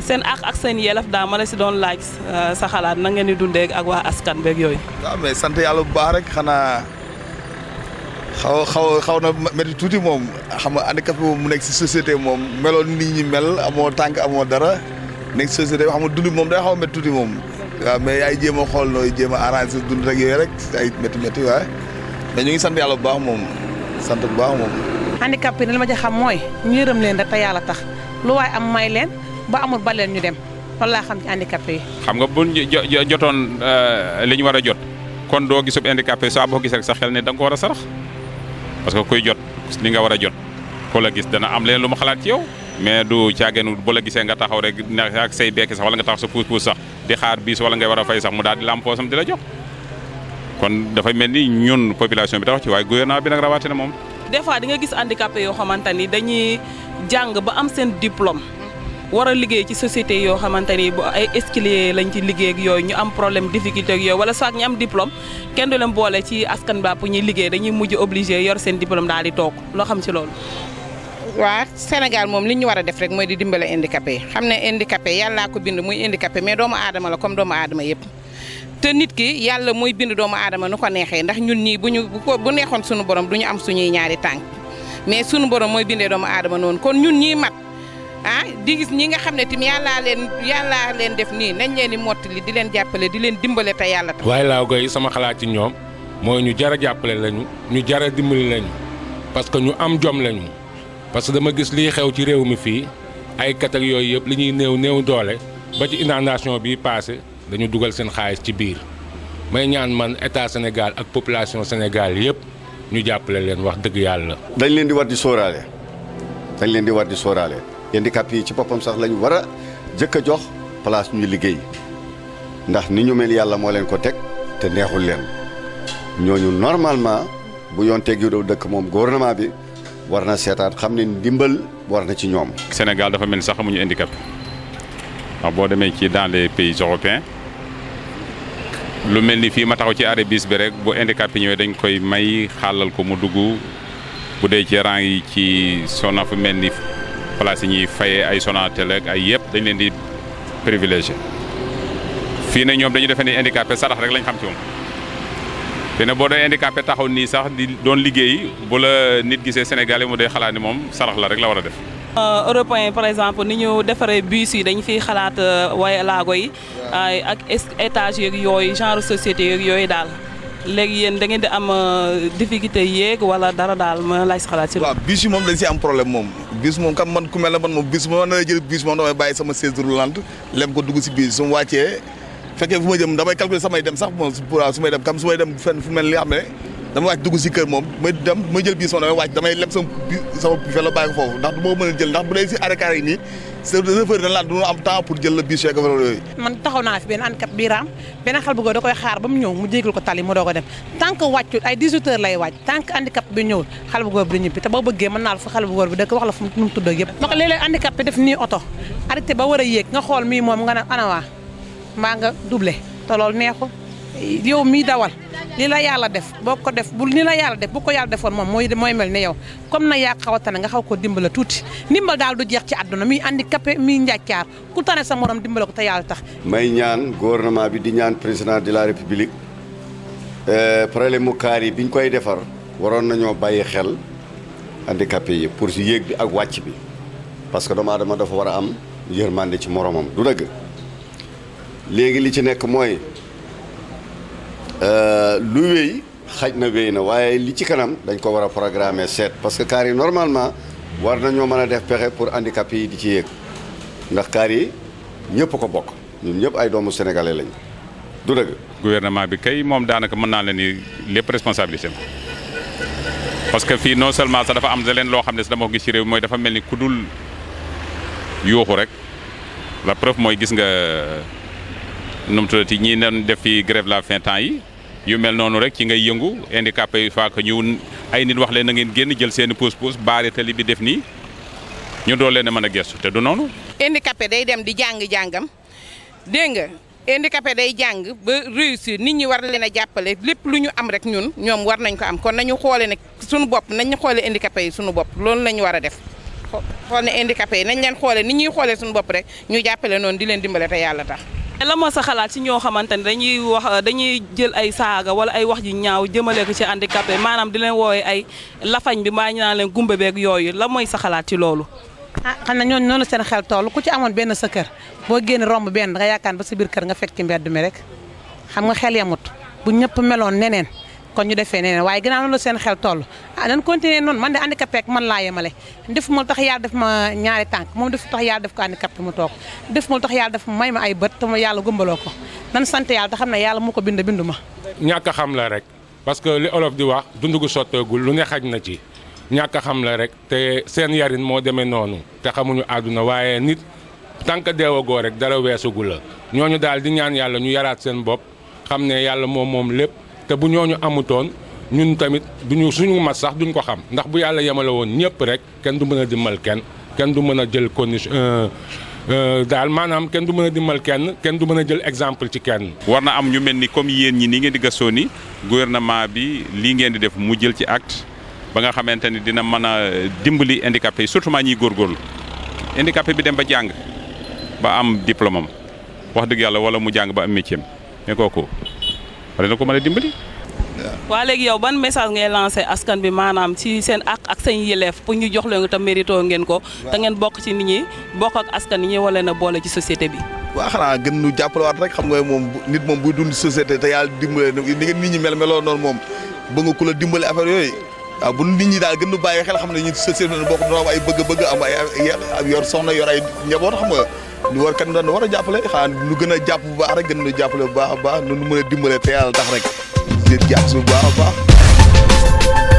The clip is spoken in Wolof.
sen ak ak sen yelef da ma la ci don laaj sa xalaat na ngeen ni dundé ak wa askan bek yoy wa mais sante yalla bu baax rek xana xaw xaw xaw na metti tuuti mom xam nga handicapé moom mu nek ci société mom melon ni ñi mel amo tank amo dara nek si société xam nga dund mom day xaw metti métti mom wa mais yaay jema xol noy jema arrange dund rek yoy rek ay metti metti wa mais ñu ngi sante yalla bu baax mom sante bu baax mom handicap ni lama ja xam moy ñeeram leen da te yàlla tax lu way am may leen ba amul balen ñu dem loolu la xam ci handicap yi. xam nga buñ jotoon euh, li ñu war a jot kon do gisub handicap sa bo gis rek sa xel ne dang ko wara a sarax parce que koy jot li nga wara a jot ko la gis dana am leen luma xalaat ci yow. mais du ciagenu bo la gisé nga taxaw rek ak say bekk sax wala nga taxaw sa pouce pouce sax di xaar bis wala nga wara fay sax mu daal di lam poosam di la jox kon da fay melni ñun population bi tax ci way gouvernement bi nag na mom des fois di nga gis handicapé yo xamantani dañuy jang ba am sen diplôme. war a liggéey ci société yoo xamante ni bu ay lañ ci liggéey ak yooyu ñu am problème difficulté ak yooyu wala soit ñu am diplôme kenn du leen boole ci askan ba pour ñuy liggéey dañuy mujj obligé yor seen diplôme daal di toog loo xam ci loolu. waaw Sénégal moom li ñu war a def rek mooy di dimbale handicapé yi xam ne indi handicapé yàllaa ko bind muy handicapé mais doomu aadama la comme doomu aadama yëpp. te nit ki yàlla mooy bind doomu aadama nu ko neexee ndax ñun ñii bu ñu bu neexoon suñu borom du ñu am suñuy ñaari tànk mais suñu borom mooy bindee doomu aadama noonu kon ñun ñii mat. ah di gis ñi nga xam ne tamit yàllaa leen yàllaa leen def nii nañ leen di li di leen jàppale di leen dimbale te yàlla tax. waaye laaw gay sama xalaat ci ñoom mooy ñu jar jàppale lañu ñu jar a dimbali lañu parce que ñu am jom lañu parce que dama gis lii xew ci réew mi fii ay kat yooyu yëpp li ñuy néew néew doole ba ci inondation bi passé dañu dugal seen xaalis ci biir may ñaan man état Sénégal ak population Sénégal yëpp ñu jàppale leen wax dëgg yàlla. dañ leen di war di dañ leen di war di handicapés yi ci boppam sax lañu war a jëkk a jox place ñuy liggéey ndax ni ñu mel yàlla moo leen ko teg te neexul leen ñooñu normalement bu yoon teg yu dow dëkk moom gouvernement bi war na seetaat xam ne ndimbal war na ci ñoom. Sénégal dafa mel sax amuñu handicap ndax boo demee ci dans les pays lu mel ni fii ma taxaw ci arrêt bis bi rek bu handicapé ñëwee dañ koy may xàllal ko mu dugg bu dee ci rang yi ci sona fu mel ni. place yi ñuy fayee ay Sonatel ak ay yëpp dañ leen di privilégié fii na ñoom dañu defee ni handicapé sarax rek lañ xam ci moom te ne boo dee handicapé taxaw nii sax di doon liggéey bu la nit gisee Sénégal yi mu dee xalaat ni moom sarax la rek la war a def. Euh, européen par exemple ni ñu defaree bus yi dañu fiy xalaat euh, waaye laago yi ak étage yeeg yooyu genre société yeeg yooyu daal. léegi yéen da ngeen di am euh, difficulté yéeg wala dara daal ma laaj si xalaat si. waaw bis yi moom dañ si am problème moom bis moom kam man ku mel ne man moom bis moom na jël bis moom damay bàyyi sama chaise roulante lem ko dugg si bis su ma wàccee fekkee fu ma damay calculer samay dem sax moom su may dem kam su may dem fenn fu mel ni xam ne dama dugg si kër moom may dem may jël bis moom damay waaj damay lem sama sama vélo bàyyi ko foofu ndax du ma mën a jël ndax bu dee si arrêt car yi nii chauffeur dañ laa duna am temps pour jël la biis yeeg affaire yooyu. man taxaw naa fi benn ànd biiraam benn xel bu góor da koy mu ñëw mu jégal ko tali mu doo ko dem tant que wàccul ay 18 heures lay wàcc tant que handicap bi ñëwul xel bu góor bi di ñibbi te boo bëggee mën naa la fa xel bu góor bi dëkk wax la fu mu tudd ak yëpp. ma ko léeg-léeg handicap bi nii oto arrêté ba war a yéeg nga xool mii moom nga ne ana waa mbaa nga doublé te loolu neexul yow mii dawal li la yàlla def boo ko def bu ni la yàlla def bu ko yàlla defoon moom mooy mooy mel ni yow comme na yaa xaw a tane nga xaw ko dimbala tuuti ndimbal daal du jeex ci àdduna miy handicapé miy njàccaar ku tane sa moroom dimbale ko te yàlla tax. may ñaan gouvernement bi di ñaan président de la république euh, problème mu kaar yi bi ñu koy defar waroon nañoo bàyyi xel handicapé yi pour si yéeg bi ak wàcc bi parce que doomu aadama dafa war a am yërmande ci moroomam du dëgg léegi li ci nekk mooy. Euh, lu wéy xaj na wéy na waaye li ci kanam dañ ko war a programme seet parce que kaari yi normalement war nañoo mën a def pexe pour handicapés yi di ci yéeg ndax kaari yi ñëpp ko bokk ñun ñëpp ay doomu sénégalais lañ du dëgg. gouvernement bi kay moom daanaka mën naa leen ni lépp responsabilité parce que fii non seulement sax dafa am da leen loo xam ne sax dama ko gis ci réew mooy dafa mel ni ku dul yuuxu rek la preuve mooy gis nga nu mu tuddati ñii doon def fi grève la fin temps yi. yu mel noonu rek ci ngay yëngu handicapé yi faak ñu ay nit wax leen na ngeen génn jël seeni pousse-pousse baare tali bi def nii ñu doo leen a mën a gestu te du noonu. handicapé day dem di jàng jàngam dégg nga handicapé day jàng ba réussir nit ñi war leen a jàppale lépp lu ñu am rek ñun ñoom war nañ ko am kon nañu xoole ne sunu bopp nañu xoole indi handicapé yi suñu bopp loolu lañu war a def xool ne handicapé yi nañ leen xoole ni ñuy xoolee suñu bopp rek ñu jàppale noonu di leen dimbale te yàlla tax. la moo sa xalaat ci ñoo xamante ne dañuy wax dañuy jël ay saaga wala ay wax ju ñaaw jëmale ko ci handicapé maanaam di leen woowee ay lafañ bi maa naa leen gumba beeg yooyu lan mooy sa xalaat ci loolu. ah xam na ñooñu noonu seen xel toll ku ci amoon benn sa kër boo génn romb benn nga yaakaar ba sa biir kër nga fekk ci mbedd mi rek xam nga xel yamut bu ñëpp meloon neneen kon ñu defee nee waaye gannaaw loolu seen xel toll ah nan continuer noonu man de handicapé ak man laa yemale def ma tax yàlla def ma ñaari tànk moom def tax def ko handicapé mu toog def ma tax yàlla def ma may ma ay bët te ma yàlla gumbaloo ko nan sant yàlla te xam ne yàlla mu ko bind bindu ma. ñàkk xam la rek parce que li olof di wax dund gu sotteegul lu ne xaj na ci ñàkk a xam la rek te seen yarin moo demee noonu te xamuñu àdduna waaye nit tànk deewagoo rek dara weesugu la ñooñu daal di ñaan yàlla ñu yaraat seen bopp xam ne yàlla moom moom lépp. te bu ñooñu amutoon ñun tamit duñu suñu mat sax duñu ko xam ndax bu yàlla yemale woon ñëpp rek kenn du mën a dimbal kenn kenn du mën a jël condition euh, euh, daal maanaam kenn du mën a dimbal kenn kenn du mën a jël exemple ci kenn. war na am ñu mel ni comme yéen ñi ni ngeen di gëstoo ni gouvernement bi lii ngeen di def mu jël ci acte ba nga xamante ni dina mën a dimbali handicapé yi surtout maa ñiy góorgóorlu handicapé bi dem ba jàng ba am diplôme wax dëgg yàlla wala mu jàng ba am métier am war na ko mën a dimbali. waa léegi yow ban message ngay lancé askan bi maanaam ci seen ak ak seen yëleef pour ñu jox leen ko te mérito ngeen ko. te ngeen bokk ci nit ñi bokk ak askan yi ñu leen boole ci société bi. waa xanaa gën ñu jàppalewaat rek xam nga moom nit moom buy dund société te yàlla dimbale ni ngeen nit mel meloo noonu moom ba nga ku la dimbale affaire yooyu. waaw bu nit ñi daal gën ñu bàyyi xel xam ne ñun société bi bokk na am ay bëgg-bëgg am ay yor soxna yor ay njaboot xam nga. ñu war kat ñu war a jàppale xanaa ñu gën a jàpp bu baax rek gën ñu jàppale bu baax a baax nu mën a dimbale te yàlla tax rek di jàpp si bu baax a baax.